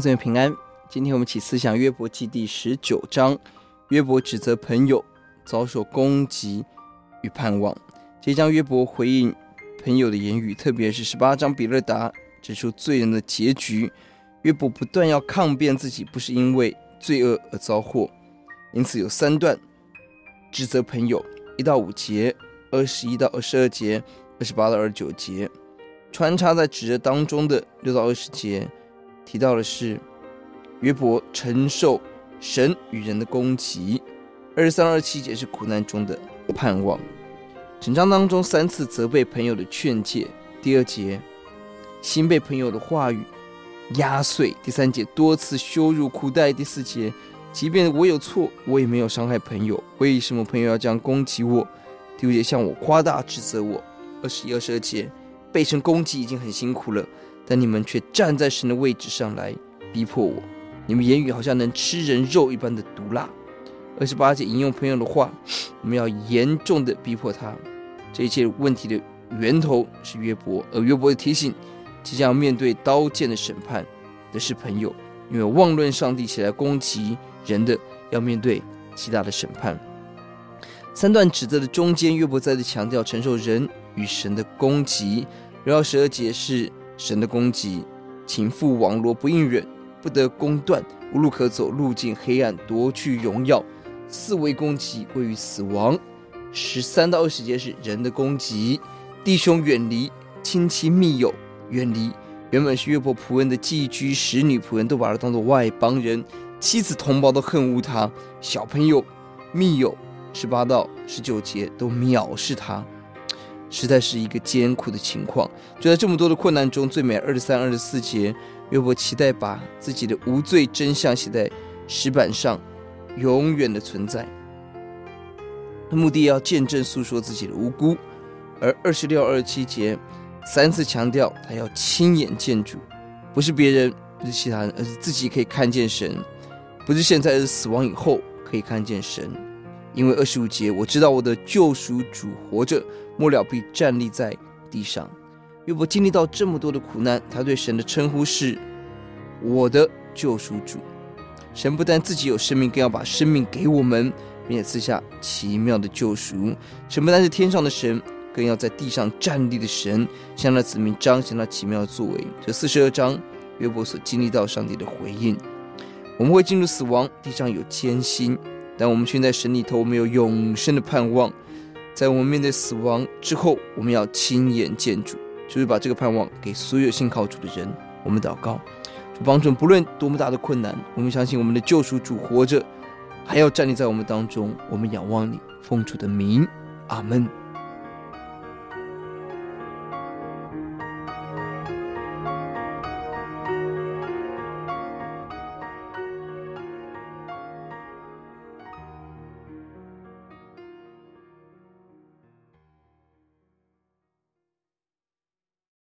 願平安。今天我們起思想約伯記第十九章，約伯指責朋友遭受攻擊與盼望。這一章約伯回應朋友的言語，特別是十八章比勒達指出罪人的結局。約伯不斷要抗辯自己不是因為罪惡而遭禍，因此有三段指責朋友：一到五節、二十一到二十二節、二十八到二十九節，穿插在指責當中的六到二十節。提到的是約伯承受神與人的攻擊，二十三、二十七節是苦難中的盼望。整章當中三次責備朋友的勸誡，第二節心被朋友的話語壓碎，第三節多次羞辱苦待，第四節即便我有錯，我也沒有傷害朋友，為什麼朋友要這樣攻擊我？第五節向我誇大指責我，二十一、二十二節被神攻擊已經很辛苦了。但你們卻站在神的位置上來逼迫我，你們言語好像能吃人肉一般的毒辣。二十八節引用朋友的話，我們要嚴重的逼迫他。這一切問題的源頭是約伯，而約伯的提醒，即將要面對刀劍的審判的是朋友，因為妄論上帝起來攻擊人的，要面對極大的審判。三段指責的中間，約伯再次強調承受人與神的攻擊。然後十二節是。神的攻擊，傾覆網羅不應允，不得公斷，無路可走，路徑黑暗，奪去榮耀。四圍攻擊歸於死亡。十三到二十節是人的攻擊，弟兄遠離親戚密友，遠離原本是約伯僕人的寄居使女僕人都把他當做外邦人，妻子同胞都恨惡他，小朋友、密友，十八到十九節都藐視他。實在是一個艱苦的情況。就在這麼多的困難中，最美二十三、二十四節，約伯期待把自己的無罪真相寫在石板上，永遠的存在。目的要見證、訴說自己的無辜。而二十六、二十七節，三次強調他要親眼見主，不是別人，不是其他人，而是自己可以看見神，不是現在，而是死亡以後可以看見神。因為二十五節，我知道我的救贖主活着，末了必站立在地上。約伯經歷到這麼多的苦難，他對神的稱呼是“我的救贖主”。神不但自己有生命，更要把生命給我們，並且賜下奇妙的救贖。神不但是天上的神，更要在地上站立的神，向他的子民彰顯他奇妙的作為。這四十二章，約伯所經歷到上帝的回應：我們會進入死亡，地上有艱辛。但我們卻在神裡頭，我們有永生的盼望。在我們面對死亡之後，我們要親眼見主，就是把這個盼望給所有信靠主的人。我們禱告，主幫助，不論多麼大的困難，我們相信我們的救贖主活着，還要站立在我們當中。我們仰望你，奉主的名，阿門。